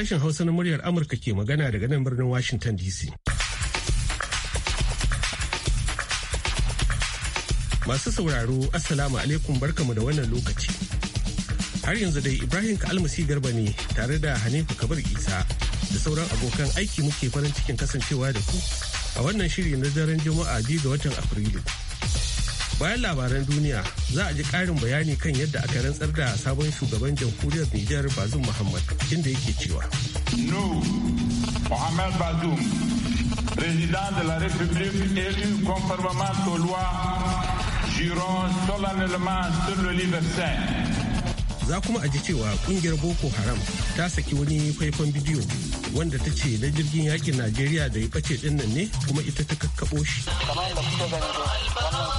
Sashen Hausa na muryar Amurka ke magana daga nan birnin Washington DC. Masu sauraro, Assalamu alaikum barkamu da wannan lokaci. Har yanzu dai Ibrahim Kalmasi Garba ne tare da Hanifu Kabir Isa da sauran abokan aiki muke farin cikin kasancewa da ku a wannan shiri na daren Juma'a biyu ga watan Afrilu. bayan labaran duniya za a ji ƙarin bayani kan yadda aka rantsar da sabon shugaban jamhuriyar Nijar Bazum Muhammad inda yake cewa. No, muhammad Bazum, président de la République élu conformément aux lois, jurons solennellement sur le livre saint. Za kuma a ji cewa kungiyar Boko Haram ta saki wani faifan bidiyo wanda ta ce na jirgin yakin Najeriya da ya bace dinnan ne kuma ita ta kakkaɓo shi. da gani wannan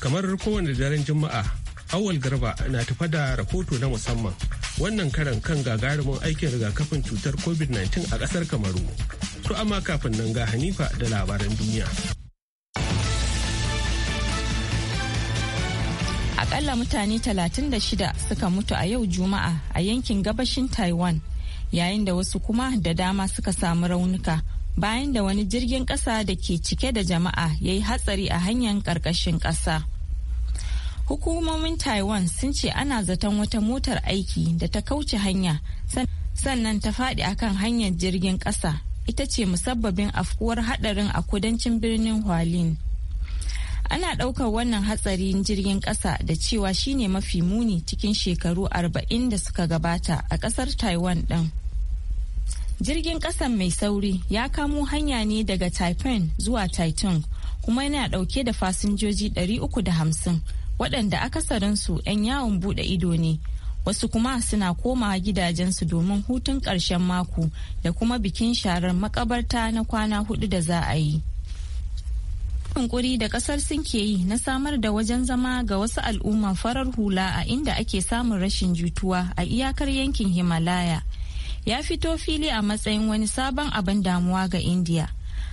kamar kowane daren juma'a awal garba na tafa da rahoto na musamman wannan karan kan gagarumin aikin rigakafin cutar covid-19 a kasar kamaru to amma kafin nan ga hanifa da labaran duniya akalla mutane 36 suka mutu a yau juma'a a yankin gabashin taiwan yayin da wasu kuma da dama suka samu raunuka bayan da wani jirgin kasa da ke cike da jama'a ya yi hatsari a hanyar karkashin kasa hukumomin taiwan sun ce ana zaton wata motar aiki da ta kauce hanya sannan ta faɗi akan hanyar jirgin kasa ita ce musabbabin afkuwar hadarin a kudancin birnin hualin ana ɗaukar wannan hatsarin jirgin ƙasa da cewa shine mafi muni cikin shekaru 40 da suka gabata a ƙasar taiwan ɗin jirgin ƙasan mai sauri ya kamo hanya ne daga taipan zuwa taitung kuma yana ɗauke da fasinjoji 350 waɗanda akasarinsu 'yan yawon buɗe ido ne wasu kuma suna koma gidajensu domin hutun ƙarshen mako da kuma bikin sharar makabarta na kwana hudu da za a yi. yunkuri da kasar sun ke yi na samar da wajen zama ga wasu al'umman farar hula a inda ake samun rashin jituwa a iyakar yankin himalaya ya fito fili a matsayin wani sabon abin damuwa ga indiya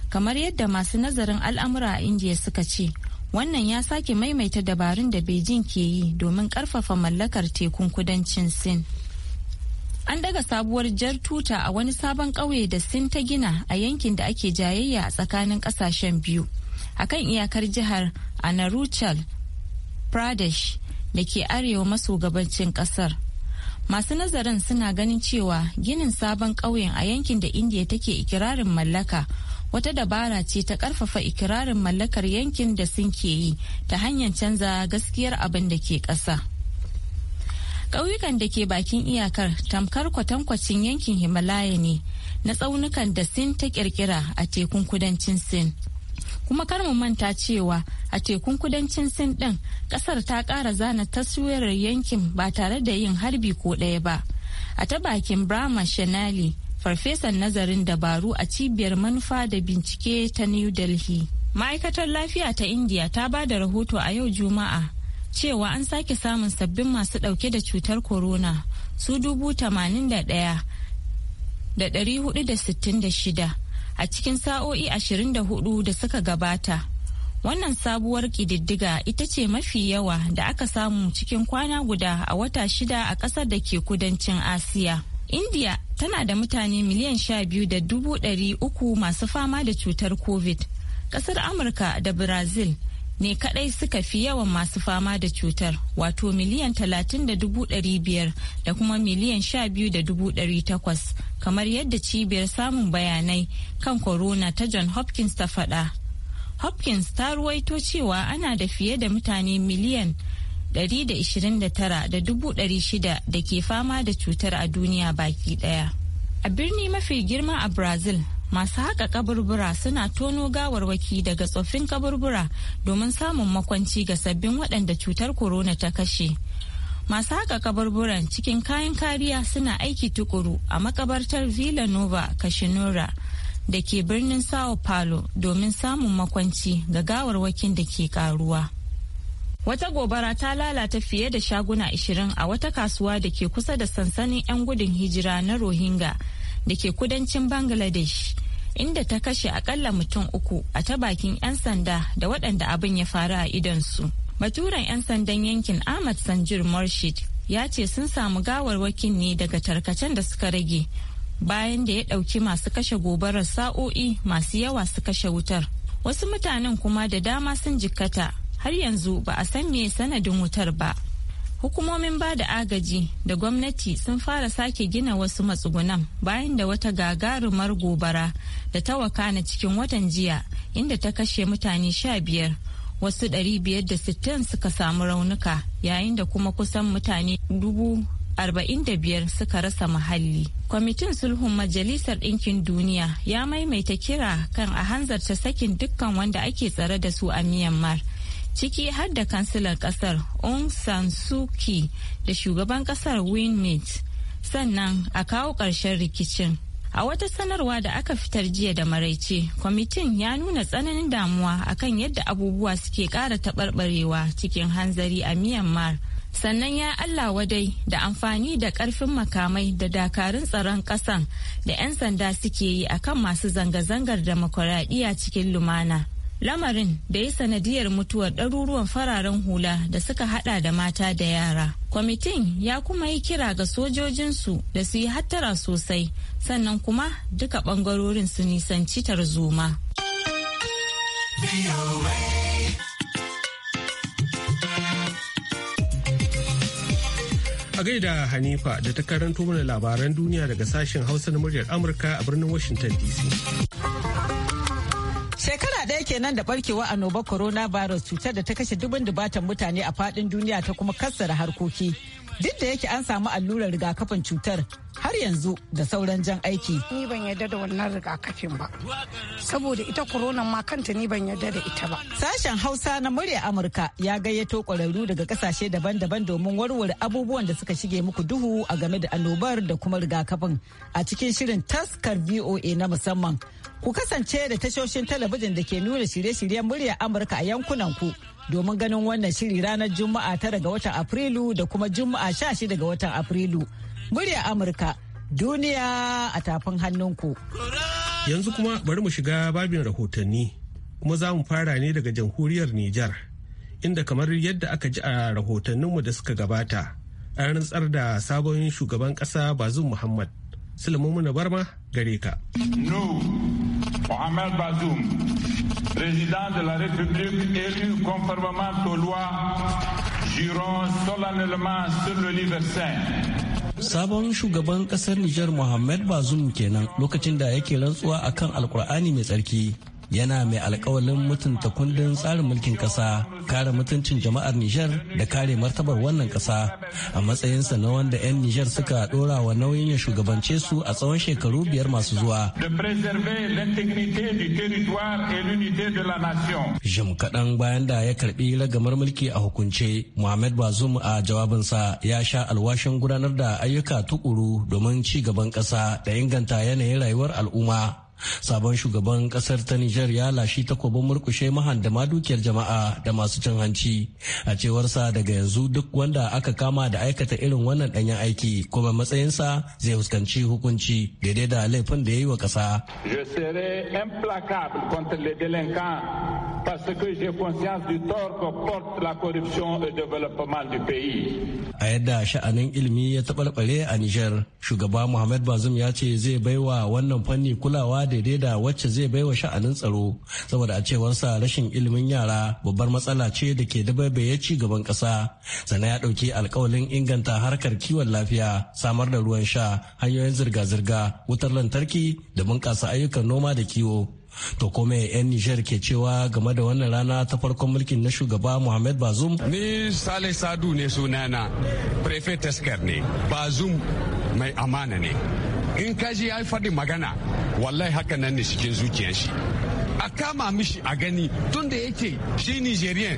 kamar yadda masu nazarin al'amura a indiya suka ce wannan ya sake maimaita dabarun da beijing ke yi domin karfafa mallakar tekun kudancin sin an daga sabuwar jar tuta a wani sabon ƙauye da sin ta gina a yankin da ake jayayya a tsakanin ƙasashen biyu a kan iyakar jihar anaruchal pradesh da ke arewa maso gabancin kasar masu nazarin suna ganin cewa ginin sabon ƙauyen a yankin da indiya take ikirarin mallaka wata dabara ce ta ƙarfafa ikirarin mallakar yankin da sun ke yi ta hanyar canza gaskiyar abin da ke ƙasa ƙauyukan da ke bakin iyakar tamkar kwatankwacin yankin himalaya ne na tsaunukan da sin ta ƙirƙira a tekun kudancin sin kuma kar mu manta cewa a tekun kudancin sin ɗin ƙasar ta ƙara zana taswirar yankin ba tare da yin harbi ko ɗaya ba a ta bakin brahma shanali farfesan nazarin dabaru a cibiyar manufa da bincike ta new delhi ma'aikatar lafiya ta india ta ba da rahoto a yau juma'a cewa an sake samun sabbin masu ɗauke da cutar corona su dubu tamanin da da shida a cikin sa'o'i 24 da suka gabata. Wannan sabuwar ƙididdiga ita ce mafi yawa da aka samu cikin kwana guda a wata shida a ƙasar da ke kudancin Asiya. India tana da mutane miliyan sha biyu da dubu ɗari uku masu fama da cutar COVID. Ƙasar Amurka da Brazil ne kadai suka fi yawan masu fama da cutar wato miliyan talatin da dubu biyar da kuma miliyan sha biyu da dubu takwas kamar yadda cibiyar samun bayanai kan corona ta john hopkins ta faɗa hopkins ta ruwaito cewa ana da fiye da mutane miliyan 129,600 da ke fama da cutar a duniya baki daya. A birni mafi girma a Brazil, masu haka kaburbura suna tono gawarwaki daga tsoffin kaburbura domin samun makwanci ga sabbin waɗanda cutar corona ta kashe masu haka kaburburan cikin kayan kariya suna aiki tukuru a makabartar villanova kashinura da ke birnin sao paulo domin samun makwanci ga gawarwakin da ke karuwa wata gobara ta lalata fiye da shaguna 20 a wata kasuwa da ke kusa da sansanin 'yan gudun hijira na rohingya da ke kudancin bangladesh inda ta kashe akalla mutum uku a ta bakin 'yan sanda da waɗanda abin ya faru a idonsu. baturen 'yan sandan yankin ahmad sanjir morshid ya ce sun samu gawarwakin ne daga tarkacen da suka rage bayan da ya ɗauki masu kashe gobarar sa'o'i masu yawa su kashe wutar wasu mutanen kuma da dama sun jikkata har yanzu ba a san me sanadin wutar ba Hukumomin ba da agaji da gwamnati sun fara sake gina wasu matsugunan bayan da wata gagarumar gobara da ta wakana cikin watan jiya inda ta kashe mutane sha biyar wasu 560 suka samu raunuka yayin da kuma kusan mutane dubu biyar suka rasa muhalli. Kwamitin sulhun Majalisar Ɗinkin Duniya ya maimaita kira kan a hanzarta sakin dukkan wanda ake tsare da su a Myanmar ciki har da kansilar kasar Aung San Suu Kyi da shugaban kasar Win Myint sannan a kawo ƙarshen rikicin. A wata sanarwa da aka fitar jiya da maraice, kwamitin ya nuna tsananin damuwa akan yadda abubuwa suke ƙara taɓarɓarewa cikin hanzari a Myanmar. Sannan ya Allah wadai da amfani da ƙarfin makamai da dakarun tsaron ƙasan da 'yan sanda suke yi akan masu zanga-zangar demokuraɗiyya cikin lumana. lamarin da ya sanadiyar mutuwar ɗaruruwan fararen hula da suka hada da mata da yara kwamitin ya kuma yi kira ga sojojinsu da su yi hattara sosai sannan kuma duka ɓangarorin su nisanci tarzoma a gaida hanifa da ta karanto mana labaran duniya daga sashen hausa na muryar amurka a birnin washington dc kenan da barkewa annoba coronavirus cutar da ta kashe dubin dubatan mutane a fadin duniya ta kuma kassara harkoki duk da yake an samu allurar rigakafin cutar har yanzu da sauran jan aiki. Ni ban yarda da wannan rigakafin ba, saboda ita corona ma kanta ni ban yarda da ita ba. Sashen Hausa na murya Amurka ya gayyato kwararru daga kasashe daban-daban domin warware abubuwan da suka shige muku duhu a game da annobar da kuma rigakafin a cikin shirin taskar VOA na musamman. Ku kasance da tashoshin talabijin da ke nuna shirye-shiryen murya Amurka a yankunan ku domin ganin wannan shiri ranar Juma'a tara ga watan Afrilu da kuma Juma'a sha shida ga watan Afrilu. murya Amurka duniya a tafin hannunku. Yanzu kuma bari mu shiga babin rahotanni kuma za mu fara ne daga jamhuriyar Nijar inda kamar yadda aka ji a rahotanninmu da suka gabata an rantsar da sabon shugaban ƙasa Bazum Muhammad. Sulaimu Barma gare ka. Mohamed Bazoum, président de la République élu conformément aux lois, jurons solennellement sur le livre saint sabon shugaban kasar Nijar Mohammed Bazoum kenan lokacin da yake rantsuwa akan Alkur'ani mai tsarki yana mai alkawalin mutunta kundin tsarin mulkin ƙasa kare mutuncin jama'ar Nijar da kare martabar wannan ƙasa a matsayinsa na wanda 'yan Nijar suka ɗora wa nauyin ya shugabance su a tsawon shekaru biyar masu zuwa. Jim kaɗan bayan da ya karɓi ragamar mulki a hukunce, Muhammad Bazoum a jawabinsa ya sha alwashin gudanar da ayyuka tukuru domin ci gaban ƙasa da inganta yanayin rayuwar al'umma. sabon shugaban kasar ta Nijar ya lashi takobin murkushe mahandama dukiyar jama'a da masu cin hanci a sa daga yanzu duk wanda aka kama da aikata irin wannan danyen aiki kuma matsayinsa zai fuskanci hukunci daidai da laifin da ya yi wa kasa. Je serai implacable contre les délinquants parce que j'ai conscience du tort que porte la corruption et le développement du pays. A yadda sha'anin ilimi ya taɓarɓare a Nijar, shugaba Muhammad Bazum ya ce zai baiwa wannan fanni kulawa daidai da wacce zai bai wa sha'anin tsaro saboda a cewarsa rashin ilimin yara babbar matsala ce da ke ya ci gaban ƙasa sannan ya ɗauki alkawalin inganta harkar kiwon lafiya samar da ruwan sha hanyoyin zirga-zirga wutar lantarki da bunƙasa ayyukan noma da kiwo to kome 'yan nijar ke cewa game da wannan rana ta farkon mulkin na shugaba muhammad bazum ni salih sadu ne sunana prefet taskar ne bazum mai amana ne in ka ji ya yi faɗin magana wallahi haka nan ne cikin zuciyar shi a kama mishi a gani tun da yake shi nigerian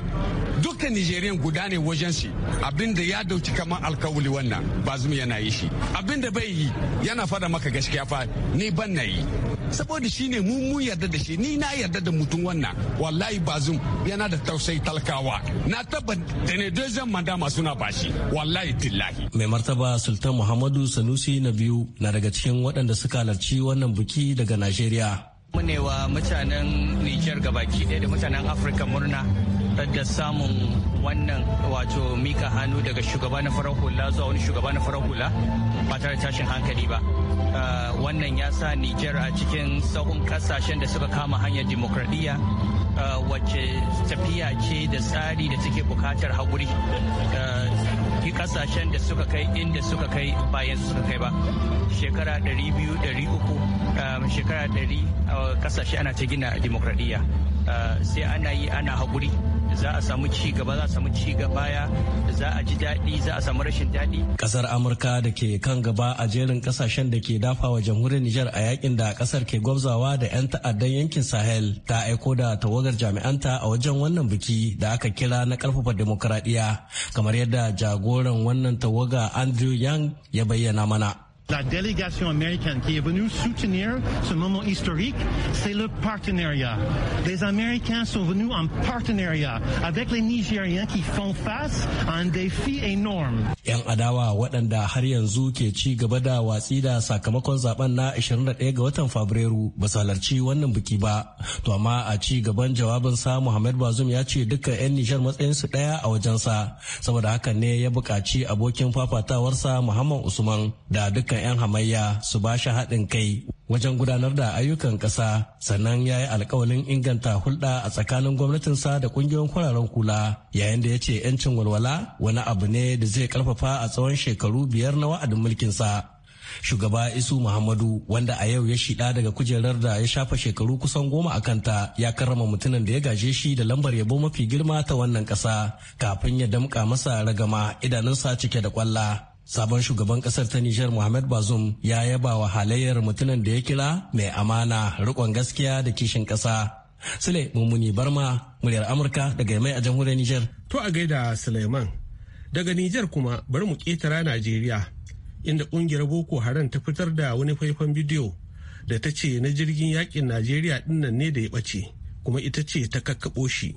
dukkan nigerian guda ne wajen shi abinda ya dauki kamar alkawuli wannan bazum yana yi shi abinda bai yi yana fada maka gaskiya fa ni ban na yi saboda shine mu mu yarda da shi ni na yarda da mutum wannan wallahi bazum yana da tausayi talkawa na taba da ne dozan manda masu na bashi wallahi tillahi mai martaba sultan muhammadu sanusi na biyu na daga cikin waɗanda suka halarci wannan buki daga najeriya wa mutanen Nijar gabaki ɗaya da mutanen afirka murna tabbatar da samun wannan wato mika hannu daga shugaba na farar hula zuwa wani shugaba na farar hula ba tare tashin hankali ba uh, wannan ya sa niger a cikin sahun kasashen da suka kama hanyar demokradiyya uh, wacce tafiya ce da tsari da take bukatar haƙuri ki uh, kasashen da suka kai inda suka kai bayan suka kai ba shekara 200-300 um, shekara 100 kasashe ana ta gina demokradiyya sai ana yi ana haƙuri za a samu ci gaba za a samu ci baya za a ji daɗi za a samu rashin daɗi. Kasar Amurka da ke kan gaba a jerin kasashen da ke dafawa jamhuriyar Nijar a yakin da kasar ke gwabzawa da 'yan ta'addan yankin Sahel ta aiko da tawagar jami'anta a wajen wannan biki da aka kira na karfafa demokradiyya kamar yadda jagoran wannan tawaga Andrew Yang ya bayyana mana. La délégation américaine qui est venue soutenir ce moment historique, c'est le partenariat. Les Américains sont venus en partenariat avec les Nigériens qui font face à un défi énorme. 'yan adawa waɗanda har yanzu ke ci gaba da watsi da sakamakon zaben na 21 ga watan fabrairu ba su halarci wannan biki ba to amma a ci gaban jawabin sa muhammad bazum ya ce duka 'yan nijar su ɗaya a wajensa saboda haka ne ya buƙaci abokin fafatawarsa muhammad usman da dukkan 'yan hamayya su ba shi haɗin kai wajen gudanar da ayyukan ƙasa sannan ya yi alkawalin inganta hulɗa a tsakanin gwamnatinsa da ƙungiyoyin kwararen kula yayin da ya ce 'yancin walwala wani abu ne da zai karfafa a tsawon shekaru biyar na wa'adin mulkinsa shugaba isu muhammadu wanda a yau ya shida daga kujerar da ya shafa shekaru kusan goma a kanta ya karrama mutumin da ya gaje shi da lambar yabo mafi girma ta wannan ƙasa kafin ya damƙa masa ragama idanunsa cike da kwalla Sabon shugaban kasar ta Nijar Muhammad Bazoum ya yaba wa halayyar mutumin da ya kira mai amana, rikon gaskiya da kishin kasa. Sule Mummuni Barma, muryar Amurka daga mai a jamhuriyar Nijar. To a gaida Suleiman. Daga Nijar kuma bari mu ƙetara Najeriya, inda ƙungiyar Boko Haram ta fitar da wani faifan bidiyo da ta ce na jirgin yakin Najeriya dinnan ne da ya ɓace, kuma ita ce ta kakkaɓo shi.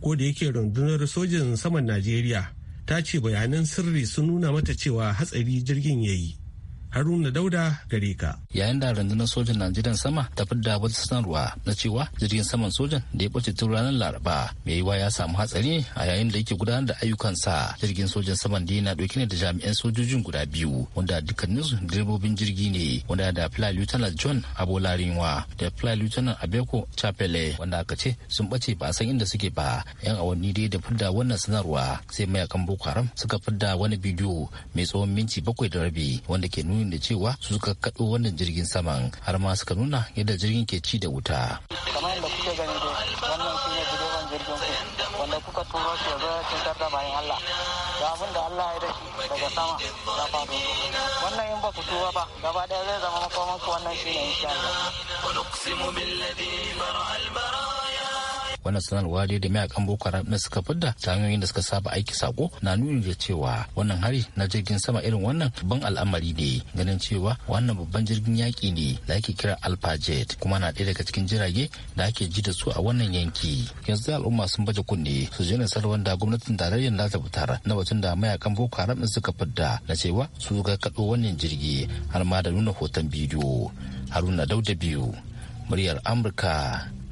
Ko da yake rundunar sojin saman Najeriya ta ce bayanan sirri sun nuna mata cewa hatsari jirgin ya yi Haruna Dauda gare ka. Yayin da rundunar sojan Najeriya sama ta fidda wata sanarwa na cewa jirgin saman sojan da ya bace tun ranar Laraba mai yiwa ya samu hatsari a yayin da yake gudanar da ayyukansa. Jirgin sojan saman da yana ɗauke ne da jami'an sojojin guda biyu wanda dukkaninsu direbobin jirgi ne wanda da Fly Lieutenant John Abolarinwa da Fly Lieutenant Abeko Chapele wanda aka ce sun ɓace ba a san inda suke ba. Yan awanni dai da fidda wannan sanarwa sai mayakan Boko Haram suka fidda wani bidiyo mai tsawon minti bakwai da rabi wanda ke nuna nuni da cewa su suka kaɗo wannan jirgin saman har ma suka nuna yadda jirgin ke ci da wuta. kamar yadda kuke gani dai wannan shi ne direban jirgin ku wanda kuka turo shi ya zo ya cutar da bayan allah ga abin da allah ya dashi daga sama ya faru wannan in ba ku tuba ba gaba ɗaya zai zama makomanku wannan shi ne insha allah. wannan sanarwa dai da mayakan boko haram na suka fidda ta hanyoyin da suka saba aiki sako na nuni da cewa wannan hari na jirgin sama irin wannan ban al'amari ne ganin cewa wannan babban jirgin yaki ne da ake kira alfajet kuma na ɗaya daga cikin jirage da ake ji da su a wannan yanki yanzu al'umma sun baje kunne su je sarwar da gwamnatin tarayyar za ta fitar na batun da mayakan boko haram din suka fidda na cewa su ga kaɗo wannan jirgi har ma da nuna hoton bidiyo haruna dauda biyu muryar amurka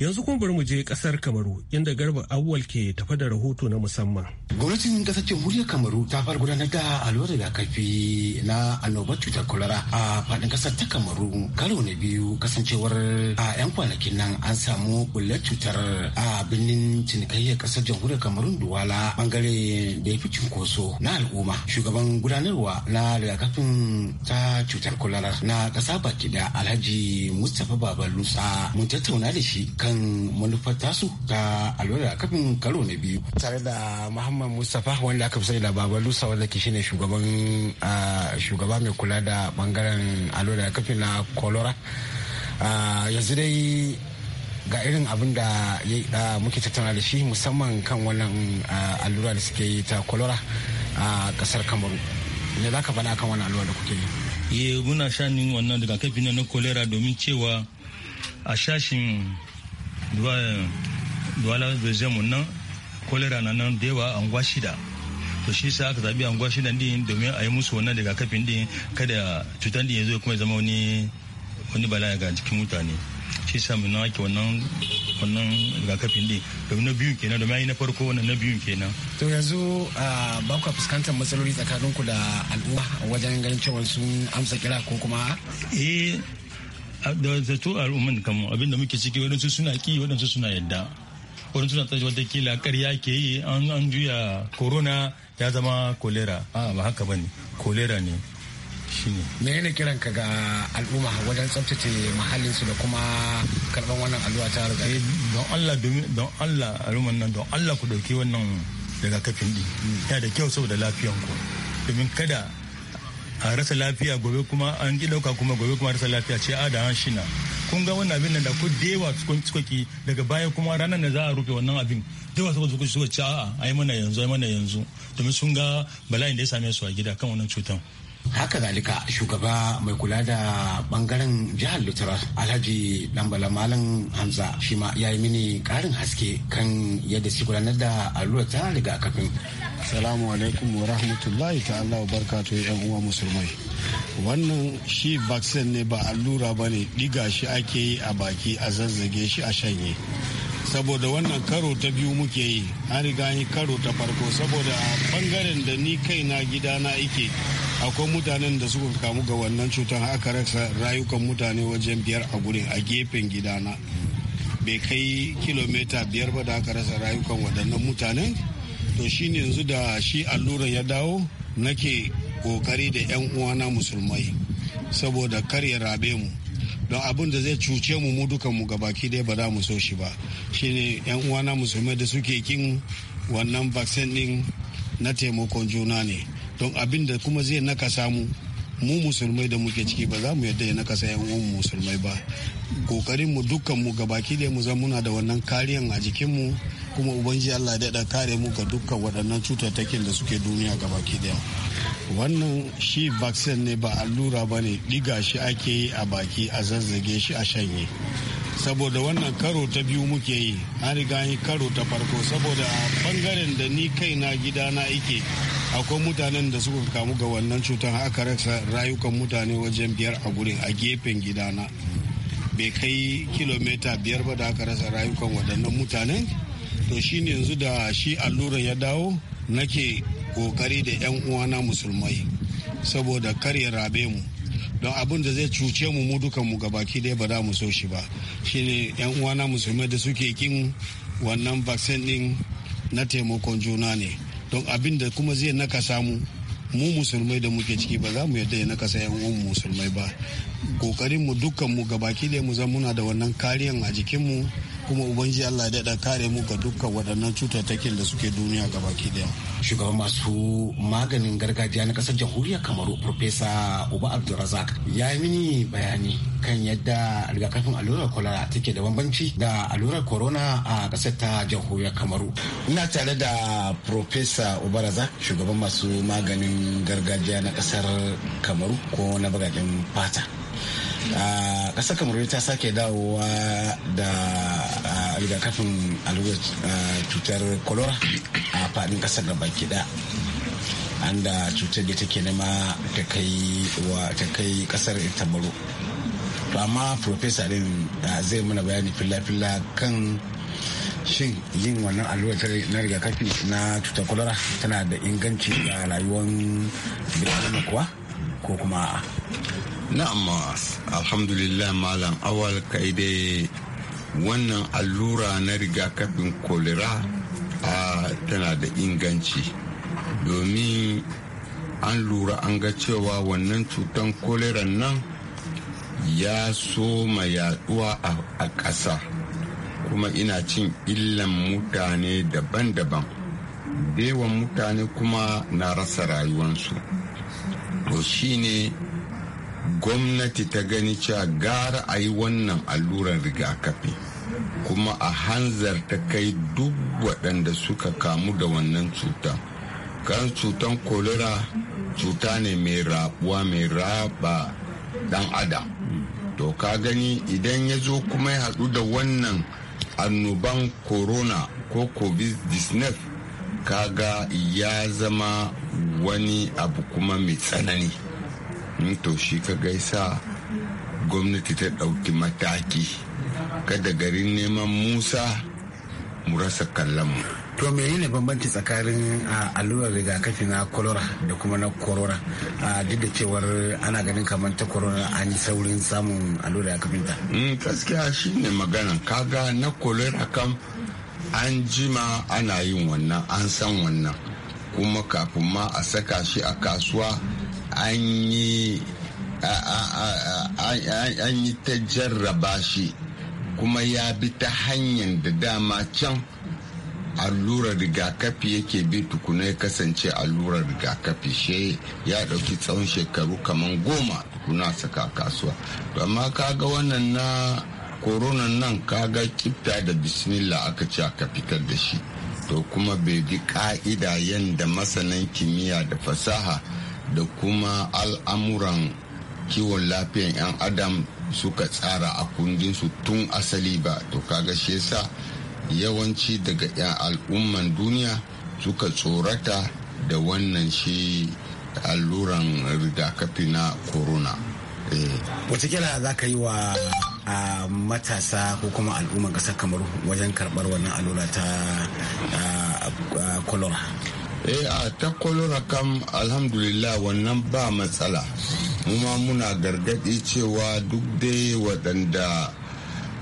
Yanzu kuma bari mu je kasar Kamaru inda Garba Awwal ke tafa da rahoto na musamman. Gwamnatin kasar Jamhuriyar Kamaru ta fara gudanar da allurar rigakafi na annobar cutar kwalara a faɗin kasar ta Kamaru karo na biyu kasancewar a 'yan kwanakin nan an samu bullar cutar a birnin cinikayyar kasar Jamhuriyar Kamarun Duwala bangare da ya fi cinkoso na al'umma. Shugaban gudanarwa na rigakafin ta cutar kwalara na ƙasa baki da Alhaji Mustapha Babalusa mun tattauna da shi kan kan manufar tasu ta alwala kafin karo na biyu tare da muhammad mustapha wanda aka fi sani da Baba lusa wanda ke shine shugaban shugaba mai kula da bangaren alwala kafin na kolora yanzu dai ga irin abin da ya muke tattauna da shi musamman kan wannan allura da suke yi ta kolora a kasar kamaru me za ka faɗa kan wannan allura da kuke yi eh muna shanin wannan daga kafin na kolera domin cewa a shashin duwala bezin mun nan kolera na nan da yawa gwashi da to shi sa aka zabi gwashi da din domin a yi musu wannan kafin din kada cutar din ya zo kuma zama wani wani bala'i ga jikin mutane shi sa mun nan ake wannan wannan kafin din domin na biyun kenan domin yi na farko wannan na biyun kenan to yanzu ba ku fuskantar matsaloli tsakaninku da al'umma wajen ganin cewa sun amsa kira ko kuma eh da zato al'umman kanmu abinda muke ciki waɗansu suna ki waɗansu suna yadda waɗansu suna tsaji wata kila ƙarya ke yi an juya corona ya zama kolera a ba haka bane kolera ne shine me yana kiran ka ga al'umma wajen tsaftace muhallin su da kuma karban wannan alluwa ta riga eh, don Allah don Allah al'umman nan don Allah ku dauki wannan kafin din hmm. yana da kyau saboda lafiyan ku domin kada a rasa lafiya gobe kuma an ji dauka kuma gobe kuma rasa lafiya ce a da shina kun ga wannan abin nan da ku dewa tsukoki daga baya kuma ranar da za a rufe wannan abin dewa suka suka ci a'a yi mana yanzu yi mana yanzu domin sun ga bala'in da ya same su a gida kan wannan cutan haka zalika shugaba mai kula da bangaren jihar lutura alhaji dambala malam hamza shi ma ya yi mini karin haske kan yadda su gudanar da allurar ta rigakafin salamu alaikum wa rahmatullahi ta'ala wa barkatu yan uwa musulmai wannan shi vaccine ne ba allura ba ne diga shi ake yi a baki a zazzage shi a shanye saboda wannan karo ta biyu muke yi an riga yi karo ta farko saboda bangaren da ni kaina gidana ike akwai mutanen da suka kamu ga wannan cutar aka rasa rayukan mutane wajen biyar a gurin a gefen gidana bai kai kilomita biyar ba da aka rasa rayukan waɗannan mutanen to shi ne yanzu da shi alluran ya dawo nake kokari da 'yan uwana musulmai saboda kar ya rabe mu don abin da zai cuce mu mu dukan mu gabaki dai ba za mu so shi ba shine 'yan uwana musulmai da suke kin wannan vaccine din na taimakon juna ne don abin da kuma zai nakasa mu mu musulmai da muke ciki ba za mu yadda ya nakasa yan mu musulmai ba kokarin mu dukkan mu gabaki da mu muna da wannan kariyan a jikin mu kuma ubangiji Allah da da kare mu ga dukkan waɗannan cututtukan da suke duniya gabaki daya wannan shi vaccine ne ba allura ba ne diga shi ake yi a baki a zazzage shi a shanye saboda wannan karo ta biyu muke yi an riga karo ta farko saboda bangaren da ni kaina gidana ike akwai mutanen da suka kamu ga wannan cutar aka rasa rayukan mutane wajen biyar a gurin a gefen gidana bai kai kilomita biyar ba da aka rasa rayukan waɗannan mutanen to shi ne yanzu da shi alluran ya dawo nake kokari da 'yan uwana musulmai saboda karya rabe mu don abin da zai cuce mu mu dukan mu gabaki dai ba za mu so shi ba shine 'yan uwana musulmai da suke kin wannan vaccine din na taimakon juna ne don abin da kuma zai naka samu mu musulmai da muke ciki ba za mu yadda ya nakasa yan uwan musulmai ba kokarin mu dukkan mu gabaki da mu zan muna da wannan kariyan a jikin mu kuma ubangiji Allah ya daɗa kare mu ga dukkan waɗannan cutattakin da suke duniya baki daya. Shugaban masu maganin gargajiya na ƙasar jamhuriyar Kamaru Profesa Uba Abdulrazak ya yi mini bayani kan yadda rigakafin allurar kwalara take da bambanci da allurar corona a ƙasar ta jamhuriyar Kamaru. Ina tare da Profesa Uba Razak shugaban masu maganin gargajiya na ƙasar Kamaru ko na bagajen fata. kasar kamaru ta sake dawowa da rigakafin allurar cutar kolora a faɗin kasar da baki da an da cutar da take nema ta kai kasar kamaru to amma profesa din zai mana bayani filla-filla kan shin yin wannan allurar na rigakafi na cutar kolora tana da inganci ga rayuwar da kuwa ko kuma Na'am alhamdulillah malam awal kai wannan allura na rigakafin kolera a tana da inganci domin an lura an ga cewa wannan cutan kolera nan ya soma yaduwa a ƙasa kuma ina cin illan mutane daban-daban dewan mutane kuma na rasa rayuwansu to shine gwamnati ta gani cewa gara a yi wannan alluran rigakafi kuma a hanzar ta kai duk waɗanda suka kamu da wannan cuta kan cutan kolera cuta ne mai rabuwa mai raba dan adam to ka gani idan ya zo kuma ya haɗu da wannan annoban corona ko covid-19 kaga ya zama wani abu kuma mai tsanani to shi ka gaisa gwamnati ta ɗauki mataki kada garin neman musa mu rasa kallonmu to menene bambanci tsakanin allurar rigakafi na kolora da kuma na korora duk da cewar ana ganin kamar ta korora an yi saurin samun allurar rigakafin ta mm, gaskiya shine magana kaga na kolora kam an jima ana yin wannan an san wannan kuma kafin ma a saka shi a kasuwa an yi ta jarraba shi kuma ya bi ta hanyar da dama can allurar rigakafi yake bi tukuna ya kasance allurar rigakafi she ya ɗauki tsawon shekaru kamar goma tukuna saka kasuwa to amma kaga wannan na korona nan kaga kifta da bismillah aka ce aka fitar da shi to kuma bai bi ka'ida yadda masanan kimiyya da fasaha da kuma al'amuran kiwon lafiyan 'yan adam suka tsara a kundinsu tun asali ba to kaga shi yasa yawanci daga 'yan al'umman duniya suka tsorata da wannan shi alluran rigakafi na corona eh. watakila za ka yi wa matasa ko kuma al'umman kasar kamar wajen karbar wannan allura ta kolora eh a ta kolora kam alhamdulillah wannan ba matsala kuma muna gargadi cewa duk dai waɗanda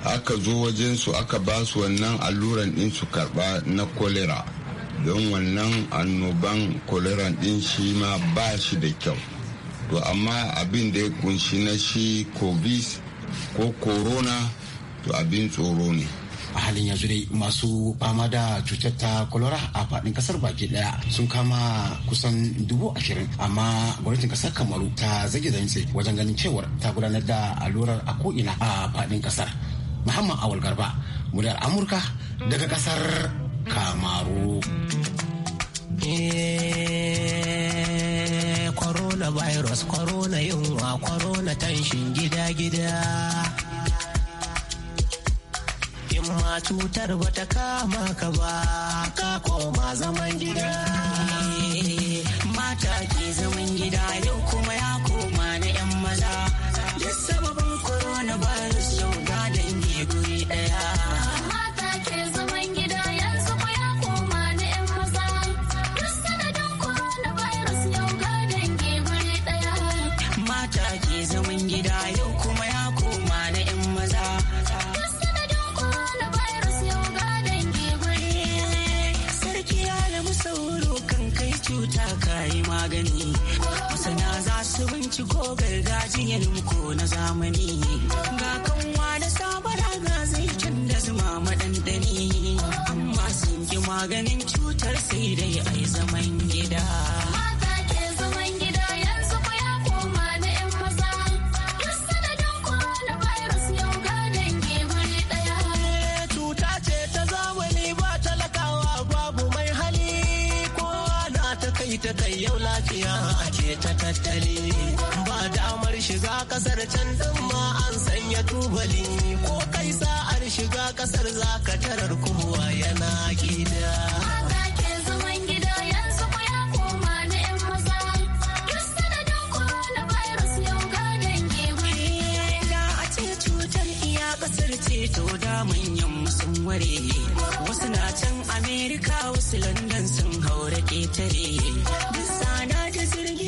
aka zo wajensu aka ba su wannan alluran ɗin su karɓa na kolera don wannan annoban kolera ɗin shi ma ba shi da kyau to amma abin da ya kunshi na shi covid ko corona to abin tsoro ne a halin yanzu dai masu fama da cutar ta kolora a faɗin ƙasar baki ɗaya sun kama kusan dubu ashirin amma gwamnatin ƙasar kamaru ta zage zance wajen ganin cewar ta gudanar da allurar a ko'ina a faɗin ƙasar. muhammad awal garba muryar amurka daga ƙasar kamaru eh, Corona virus, corona yunwa, corona tanshin gida-gida. in ma cutar bata kama ka ba ka koma zaman gida ta tattali ba damar shiga kasar can din ma an sanya tubali ko kai sa'ar shiga kasar zaka tarar kuwa yana gida wasu na can amerika wasu london sun haura ƙetare, duk sana da jirgi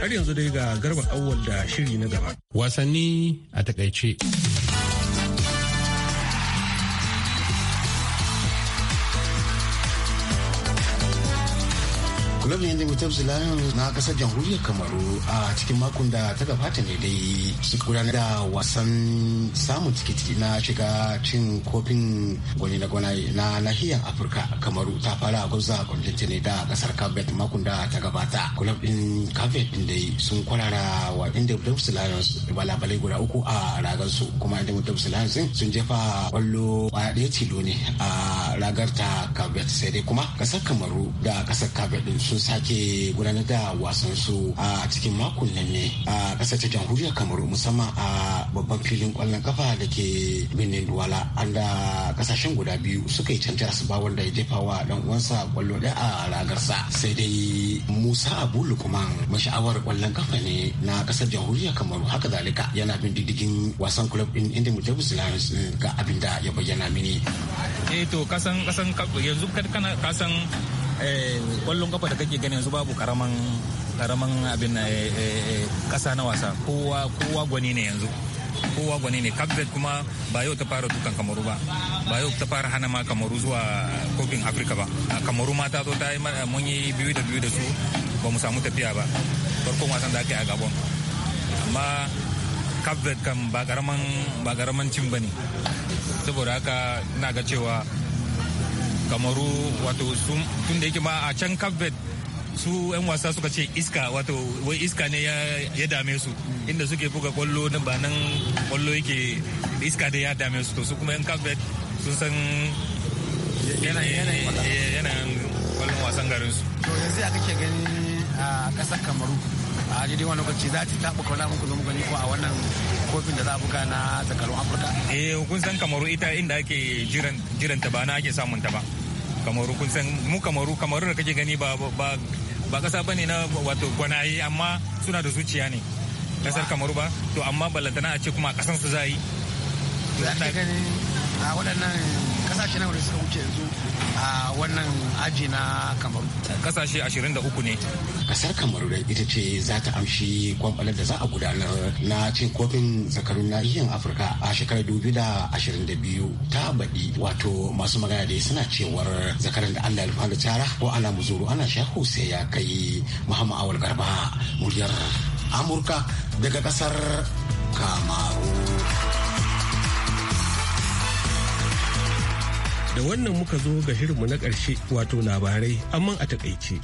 Har yanzu dai ga garba awwal da shiri na gaba. Wasanni a takaice. kulob ne yadda mutum zilanin na kasar jamhuriyar kamaru a cikin makon da ta gabata ne dai su gudanar da wasan samun tikiti na shiga cin kofin gwani na gwanaye na nahiyar afirka kamaru ta fara gwabza gwamnati ne da kasar kabet makon da ta gabata kulob din kabet din dai sun kwarara wa inda mutum lions balabalai guda uku a ragarsu kuma inda mutum lions sun jefa kwallo A ɗaya tilo ne a ragar ta kabet sai dai kuma kasar kamaru da kasar kabet din su sun sake gudanar da wasan su a cikin makon nan ne a kasar ta jamhuriyar kamaru musamman a babban filin kwallon kafa da ke birnin duwala an da ƙasashen guda biyu suka yi canjar su ba wanda ya jefa wa dan uwansa kwallo ɗaya a ragarsa sai dai musa abu lukman masha'awar kwallon kafa ne na ƙasar jamhuriyar kamaru haka zalika yana bin diddigin wasan club din inda mutabus lions ga abinda ya bayyana mini. eh to kasan kasan yanzu kasan Eh, kwallon kafa da kake gani su babu karaman karaman abin eh, eh, kasa na wasa kowa kowa gwani ne yanzu kowa gwani ne kabzet kuma ba yau ta fara dukan kamaru ba ba yau ta fara hana ma kamaru zuwa kofin afirka ba kamaru ma ta zo ta yi mun yi biyu da biyu da su ba mu samu tafiya ba farkon wasan da aka a gabon amma kabzet kan ba karaman ba karaman cin ba ne saboda haka ina ga cewa kamaru wato tun da yake ma a can cape su 'yan wasa suka ce iska wato wai iska ne ya dame su inda suke buga kwallo na ba kwallo yake iska da ya dame su to su kuma 'yan cape sun san yanayin eh, kwallon wasan garin su to yanzu a kake gani a kasar kamaru a daidai wani lokaci za ta taɓa kauna muku zo muku ko a wannan kofin da za a buga na zakarun afirka eh kun san kamaru ita inda ake jiran jiran ta ba na ake samun ta ba kamaru kun san mu kamaru kamaru da kake gani ba ba ba kasa na wato gwanaye amma suna da zuciya ne kasar kamaru ba to amma ballantana a ce kuma a kasan su za yi a waɗannan kasashe na wanda suka wuce yanzu a wannan aji na kamaru kasashe 23 ne kasar kamaru da ita ce za ta amshi kwamfalar da za a gudanar na cin kofin zakarun nahiyar afirka a shekarar 2022 ta baɗi wato masu magana da suna cewar zakaran da allah alfahari tara ko ana muzuru ana shahu sai ya kai muhammad awal garba muryar amurka daga kasar kamaru da wannan muka zo ga shirinmu na ƙarshe wato labarai amma a taƙaice.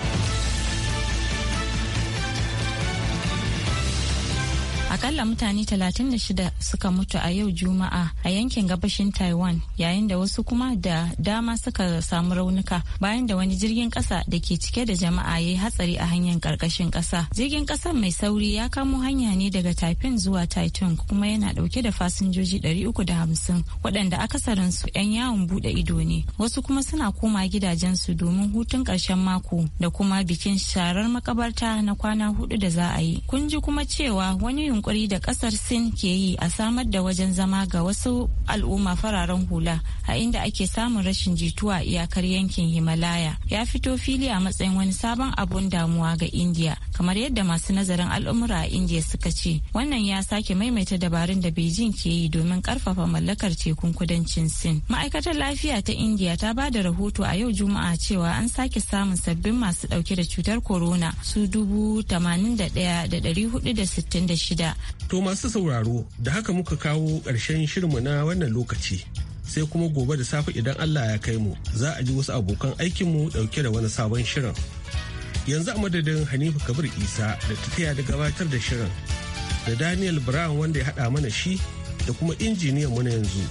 Akalla mutane 36 suka mutu a yau Juma'a a yankin gabashin Taiwan yayin da wasu kuma da dama suka samu raunuka bayan da wani jirgin kasa da ke cike da jama'a ya yi hatsari a hanyar karkashin kasa. Jirgin kasan mai sauri ya kamo hanya ne daga taifin zuwa Taitung kuma yana dauke da fasinjoji 350 waɗanda akasarinsu 'yan yawon bude ido ne. Wasu kuma suna koma gidajensu domin hutun ƙarshen mako da kuma bikin sharar makabarta na kwana hudu da za a yi. Kun ji kuma cewa wani yunkuri yunkuri da kasar sin ke yi a samar da wajen zama ga wasu al'umma fararen hula a inda ake samun rashin jituwa a iyakar yankin himalaya ya fito fili a matsayin wani sabon abun damuwa ga india kamar yadda masu nazarin al'umura a india suka ce wannan ya sake maimaita dabarun da beijing ke yi domin karfafa mallakar tekun kudancin sin ma'aikatar lafiya ta india ta ba da rahoto a yau juma'a cewa an sake samun sabbin masu dauke da cutar corona su dubu shida. To masu sauraro da haka muka kawo ƙarshen shirinmu na wannan lokaci. Sai kuma gobe da safe idan Allah ya kai mu za a ji wasu abokan aikinmu ɗauke da wani sabon shirin. Yanzu a madadin Hanifu Kabir Isa da tafiya da gabatar da shirin. Da Daniel Brown wanda ya haɗa mana shi da kuma injiniyan mu na yanzu.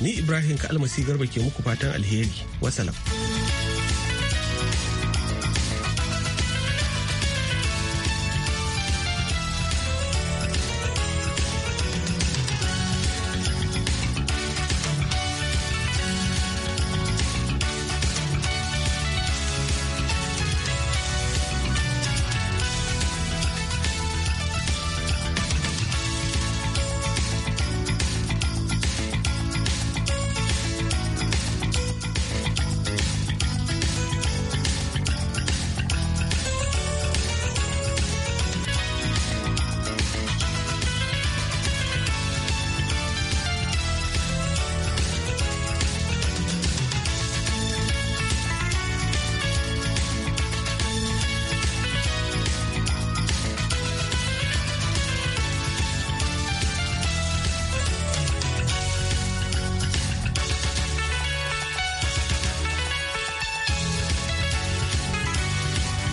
Ni Ibrahim ka'almasi Garba ke muku fatan alheri. Wasalam.